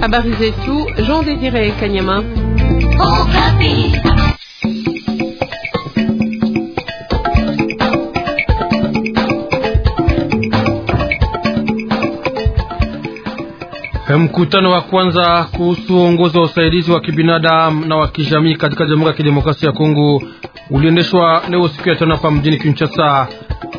Habari zetu Jean Désiré Kanyama. Mkutano wa kwanza kuhusu uongozi wa usaidizi wa kibinadamu na wa kijamii katika Jamhuri ya Kidemokrasia ya Kongo uliendeshwa leo siku ya tano hapa mjini Kinshasa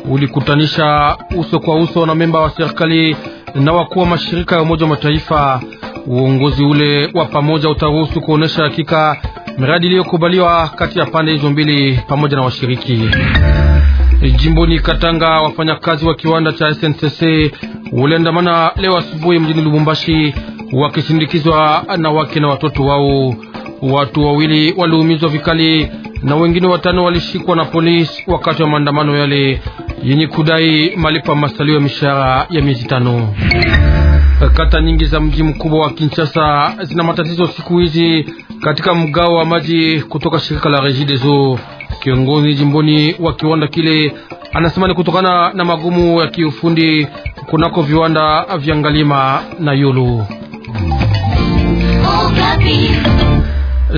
ulikutanisha uso kwa uso na memba wa serikali na wakuu wa mashirika ya Umoja wa Mataifa. Uongozi ule wa pamoja utaruhusu kuonesha hakika miradi iliyokubaliwa kati ya pande hizo mbili pamoja na washiriki. Jimboni Katanga, wafanyakazi wa kiwanda cha SNCC waliandamana leo asubuhi mjini Lubumbashi wakisindikizwa na wake na watoto wao. Watu wawili waliumizwa vikali na wengine watano walishikwa na polisi wakati wa maandamano yale yenye kudai malipo masalio ya mishahara ya miezi tano. Kata nyingi za mji mkubwa wa Kinshasa zina matatizo siku hizi katika mgao wa maji kutoka shirika la Regideso. Kiongozi jimboni wa kiwanda kile anasema ni kutokana na magumu ya kiufundi kunako viwanda vya Ngalima na Yulu.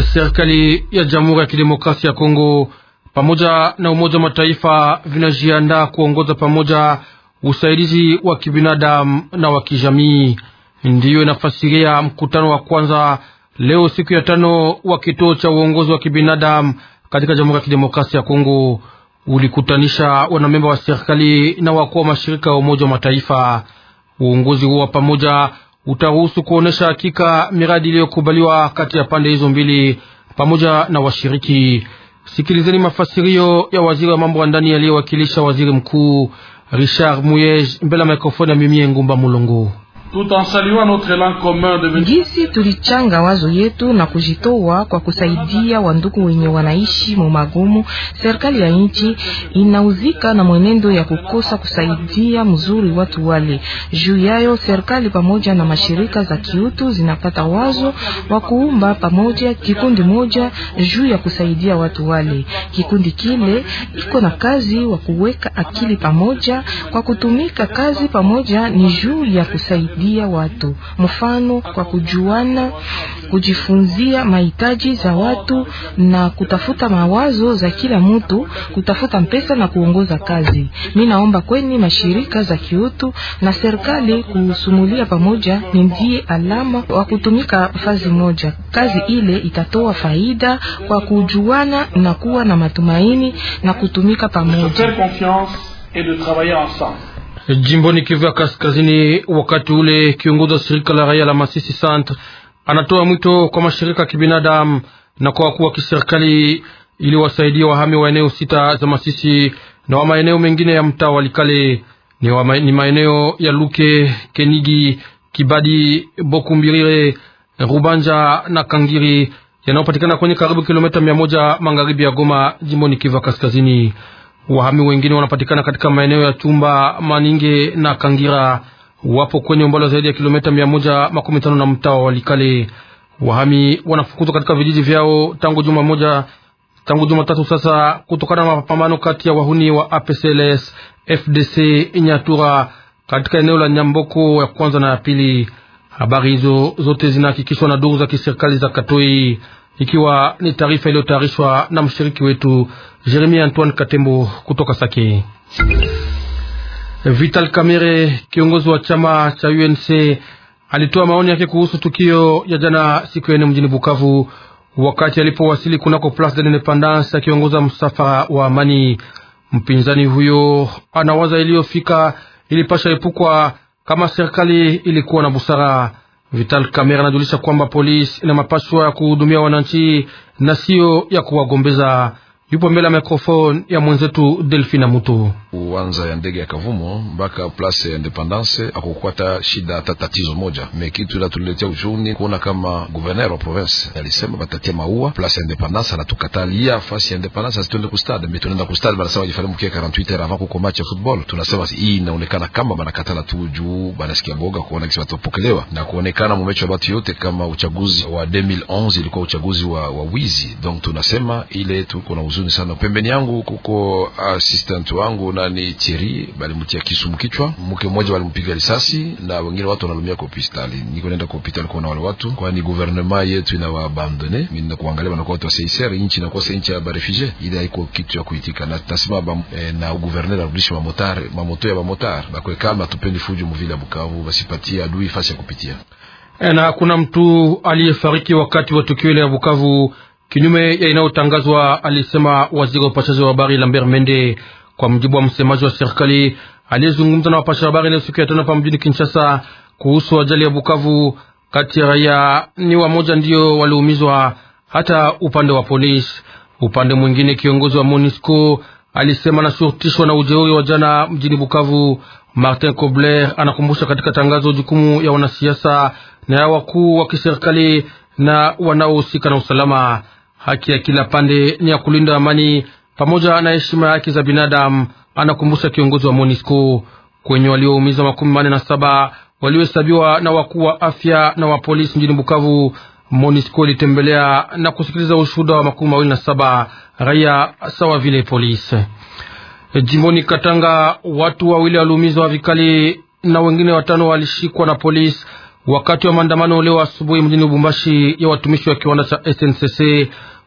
Serikali ya Jamhuri ya Kidemokrasia ya Kongo pamoja na Umoja wa Mataifa vinajiandaa kuongoza pamoja usaidizi wa kibinadamu na wa kijamii. Ndiyo inafasiria mkutano wa kwanza leo siku ya tano wa kituo cha uongozi wa kibinadamu katika Jamhuri ya Kidemokrasia ya Kongo ulikutanisha wanamemba wa serikali na wakuu wa mashirika ya Umoja wa Mataifa. Uongozi huo wa pamoja utaruhusu kuonesha hakika miradi iliyokubaliwa kati ya pande hizo mbili pamoja na washiriki. Sikilizeni mafasirio ya waziri wa mambo ya ndani aliyewakilisha waziri mkuu Richard Muyej mbele ya mikrofoni ya Mimie Ngumba Mulungu. Gisi tulichanga wazo yetu na kujitoa kwa kusaidia wandugu wenye wanaishi mumagumu. Serikali ya nchi inauzika na mwenendo ya kukosa kusaidia mzuri watu wale. Juu yayo, serikali pamoja na mashirika za kiutu zinapata wazo wa kuumba pamoja kikundi moja juu ya kusaidia watu wale. Kikundi kile iko na kazi wa kuweka akili pamoja kwa kutumika kazi pamoja ni juu ya kusaidia kusaidia watu, mfano kwa kujuana, kujifunzia mahitaji za watu na kutafuta mawazo za kila mtu, kutafuta mpesa na kuongoza kazi. Mimi naomba kweni mashirika za kiutu na serikali kusumulia pamoja, ni ndiye alama wa kutumika fazi moja. Kazi ile itatoa faida kwa kujuana na kuwa na matumaini na kutumika pamoja. Jimboni Kivu ya Kaskazini, wakati ule kiongozi wa shirika la raia la Masisi Sant anatoa mwito kwa mashirika ya kibinadamu na kwa wakuu wa kiserikali ili wasaidia wahami wa eneo sita za Masisi na wa maeneo mengine ya mtaa Walikale ni maeneo ya Luke, Kenigi, Kibadi, Bokumbirire, Rubanja na Kangiri yanayopatikana kwenye karibu kilomita mia moja magharibi ya Goma, jimboni Kivu kaskazini. Wahami wengine wanapatikana katika maeneo ya Chumba, Maninge na Kangira, wapo kwenye umbali wa zaidi ya kilomita mia moja makumi tano na mtaa wa Walikale. Wahami wanafukuzwa katika vijiji vyao tangu juma moja, tangu juma tatu sasa, kutokana na mapambano kati ya wahuni wa APCLS FDC Nyatura katika eneo la Nyamboko ya kwanza na ya pili. Habari hizo zote zinahakikishwa na duru za kiserikali za Katoi ikiwa ni taarifa iliyotayarishwa na mshiriki wetu Jeremi Antoine Katembo kutoka Sake. Vital Kamerhe, kiongozi wa chama cha UNC, alitoa maoni yake kuhusu tukio ya jana siku ya nne mjini Bukavu wakati alipowasili kunako Place de l'Independance akiongoza msafara wa amani. Mpinzani huyo anawaza iliyofika ilipasha epukwa kama serikali ilikuwa na busara. Vital Kamera anajulisha kwamba polisi ina mapaswa ya kuhudumia wananchi na sio ya kuwagombeza. Yupo mbele ya mikrofoni ya mwenzetu Delfina Mutu uwanza ya ndege ya Kavumo mpaka place ya Independance akukwata shida hata tatizo moja. Me kitu ila tuliletea uchuni kuona kama gouverneur wa province alisema batatia maua place ya Independance, anatukatalia fasi ya Independance asitwende kustade. me tunaenda kustade, banasema jifale mkia 48 heures avant kuko match ya football. Tunasema hii inaonekana kama banakatala tu juu banasikia boga kuona kisi watopokelewa na kuonekana mumecho batu yote kama uchaguzi wa 2011 ilikuwa uchaguzi wa, wa wizi. Donc tunasema ile tuko na huzuni sana. Pembeni yangu kuko assistant wangu na kuona ni Cheri balimutia kisu mkichwa, mke mmoja walimpiga risasi na wengine watu wanalumia kwa hospitali. Niko naenda kwa hospitali kuona wale watu, kwani gouvernement yetu inawaabandone. Mimi na kuangalia wanakuwa watu wa CICR, nchi na kwa senchi ya barefije, ile haiko kitu ya kuitika, na tutasema ba, eh, na gouverneur arudishe mamotare mamoto ya mamotar na kwa kama tupendi fujo mvila Bukavu, basipatie adui fasi ya kupitia. E, Na hakuna mtu aliyefariki wakati wa tukio ile ya Bukavu, kinyume ya inayotangazwa, alisema waziri wa upashaji wa habari Lambert Mende kwa mjibu wa msemaji wa serikali aliyezungumza na wapasha habari leo siku ya tano hapa mjini Kinshasa kuhusu ajali ya Bukavu. Kati ya raia ni wamoja ndio waliumizwa, hata upande wa polisi. Upande mwingine, kiongozi wa MONUSCO alisema anashurutishwa na ujeuri wa jana mjini Bukavu. Martin Kobler anakumbusha katika tangazo jukumu ya wanasiasa na ya wakuu wa kiserikali na wanaohusika na usalama. Haki ya kila pande ni ya kulinda amani pamoja na heshima yake za binadamu, anakumbusha kiongozi wa MONUSCO kwenye walioumiza makumi manne na saba waliohesabiwa na wakuu wa afya na wa polisi mjini Bukavu. MONUSCO ilitembelea na kusikiliza ushuhuda wa makumi mawili na saba raia sawa vile polisi. Jimboni Katanga, watu wawili waliumizwa vikali na wengine watano walishikwa na polisi wakati wa maandamano leo asubuhi mjini Lubumbashi ya watumishi wa kiwanda cha SNCC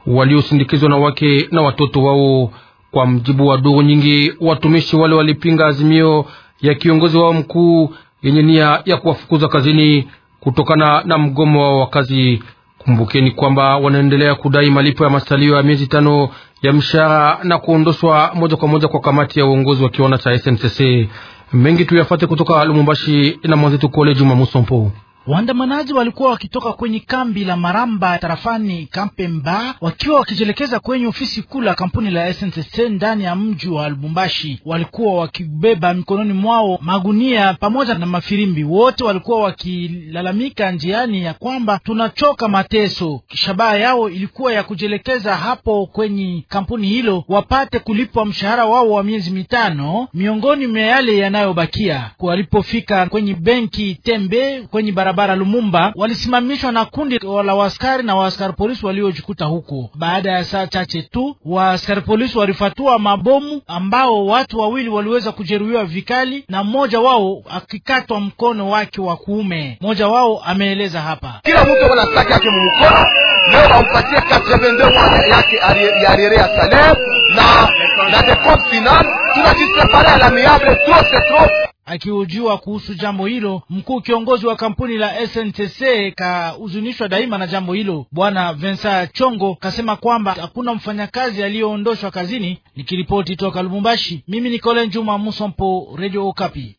waliosindikizwa na wake na watoto wao. Kwa mjibu wa duru nyingi, watumishi wale walipinga azimio ya kiongozi wao mkuu yenye nia ya kuwafukuza kazini kutokana na mgomo wao wa kazi. Kumbukeni kwamba wanaendelea kudai malipo ya masalio ya miezi tano ya mshahara na kuondoshwa moja kwa moja kwa kamati ya uongozi wa kiwanda cha SNCC. Mengi tuyafate kutoka lumumbashi na mwenzetu Kole Juma Musompo. Waandamanaji walikuwa wakitoka kwenye kambi la Maramba tarafani Kampemba, wakiwa wakijielekeza kwenye ofisi kuu la kampuni la SNCC ndani ya mji wa Lubumbashi. Walikuwa wakibeba mikononi mwao magunia pamoja na mafirimbi. Wote walikuwa wakilalamika njiani ya kwamba tunachoka mateso. Shabaha yao ilikuwa ya kujielekeza hapo kwenye kampuni hilo wapate kulipwa mshahara wao wa miezi mitano, miongoni mwa yale yanayobakia. Walipofika kwenye benki Tembe kwenye barabara barabara Lumumba walisimamishwa na kundi la waskari na waskari polisi waliojikuta huko. Baada ya saa chache tu, waskari polisi walifatua mabomu ambao watu wawili waliweza kujeruhiwa vikali na mmoja wao akikatwa mkono wake wa kuume. Mmoja wao ameeleza hapa, kila mtu anataka yake mkono leo wampatie yake ariere ya salem na na dekofinal la alamiable trop c'est trop Akiujua kuhusu jambo hilo, mkuu kiongozi wa kampuni la SNTC kahuzunishwa daima na jambo hilo. Bwana vensa Chongo kasema kwamba hakuna mfanyakazi aliyoondoshwa kazini. Nikiripoti toka Lubumbashi, mimi ni Kolen Juma Musompo, Radio Okapi.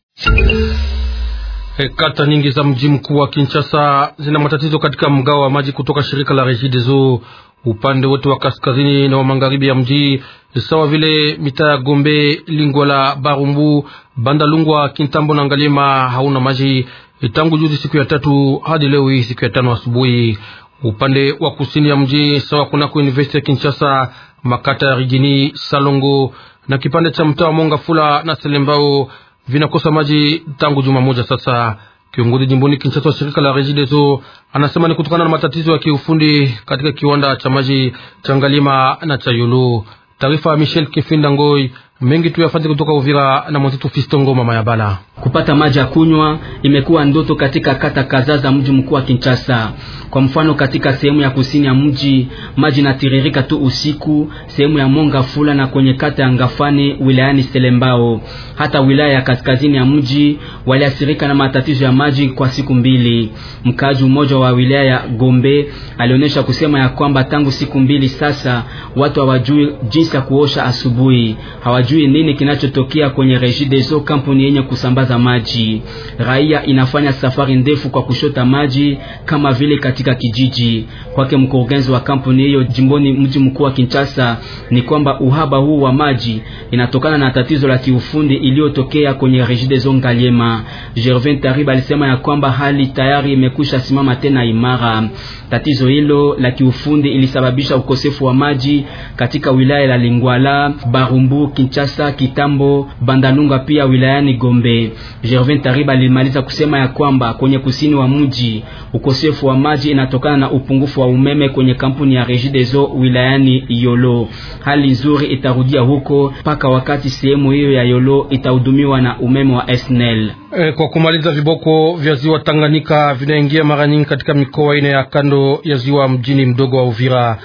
Kata nyingi za mji mkuu wa Kinshasa zina matatizo katika mgao wa maji kutoka shirika la regidezo upande wote wa kaskazini na wa magharibi ya mji sawa vile mitaa ya Gombe, Lingwala, Barumbu, Bandalungwa, Kintambo na Ngalima hauna maji tangu juzi siku ya tatu hadi leo hii siku ya tano asubuhi. Upande wa kusini ya mji sawa kunako University ya Kinshasa, makata ya Rigini, Salongo na kipande cha mtaa wa Mongafula na Selembao vinakosa maji tangu juma moja sasa. Kiongozi jimboni Kinshasa wa shirika la Regideso anasema ni kutokana na matatizo ya kiufundi katika kiwanda cha maji cha Ngalima na cha Yulu. Taarifa ya Michel Kifinda Ngoi mengi tu yafanye kutoka Uvira na mwenzetu Fistongo mama ya Bala. Kupata maji ya kunywa imekuwa ndoto katika kata kadhaa za mji mkuu wa Kinshasa. Kwa mfano, katika sehemu ya kusini ya mji maji natiririka tu usiku, sehemu ya Monga Fula na kwenye kata ya ngafani wilayani Selembao. Hata wilaya ya kaskazini ya mji waliathirika na matatizo ya maji kwa siku mbili. Mkaaji mmoja wa wilaya ya Gombe alionyesha kusema ya kwamba tangu siku mbili sasa watu hawajui jinsi ya kuosha asubuhi, hawajui hawajui nini kinachotokea kwenye Regideso, kampuni yenye kusambaza maji. Raia inafanya safari ndefu kwa kushota maji kama vile katika kijiji kwake. Mkurugenzi wa kampuni hiyo jimboni mji mkuu wa Kinshasa ni kwamba uhaba huu wa maji inatokana na tatizo la kiufundi iliyotokea kwenye Regideso Ngaliema. Gervin Tariba alisema ya kwamba hali tayari imekwisha simama tena imara. Tatizo hilo la kiufundi ilisababisha ukosefu wa maji katika wilaya la Lingwala, Barumbu, Kinshasa Kinshasa, Kitambo, Bandalunga pia wilayani Gombe. Gervin Tariba alimaliza kusema ya kwamba kwenye kusini wa mji ukosefu wa maji inatokana na upungufu wa umeme kwenye kampuni ya Regideso wilayani Yolo. Hali nzuri itarudia huko mpaka wakati sehemu hiyo ya Yolo itahudumiwa na umeme wa SNEL. E, kwa kumaliza viboko vya ziwa Tanganyika vinaingia mara nyingi katika mikoa ine ya kando ya ziwa mjini mdogo wa Uvira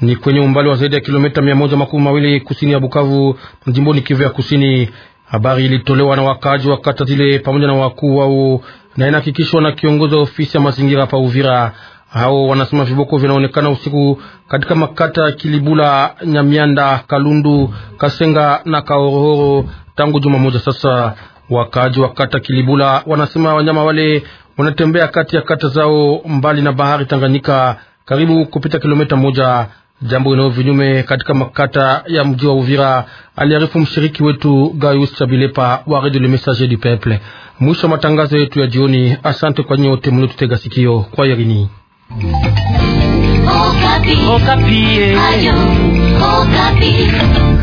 ni kwenye umbali wa zaidi ya kilomita mia moja makumi mawili kusini ya Bukavu, jimboni Kivu ya Kusini. Habari ilitolewa na wakaaji wa kata zile pamoja na wakuu wao na inahakikishwa na kiongozi wa ofisi ya mazingira pa Uvira. Hao wanasema viboko vinaonekana usiku katika makata ya Kilibula, Nyamianda, Kalundu, Kasenga na Kaorohoro tangu juma moja sasa. Wakaaji wa kata Kilibula wanasema wanyama wale wanatembea kati ya kata zao mbali na bahari Tanganyika, karibu kupita kilomita moja jambo linalo vinyume katika makata ya mji wa Uvira, aliarifu mshiriki wetu Gaius Chabilepa wa Radio Le Messager du Peuple. Mwisho wa matangazo yetu ya jioni. Asante kwa nyote mliotutega sikio kwa yarini. Okapi. Okapi. Eh. Ayo, Okapi.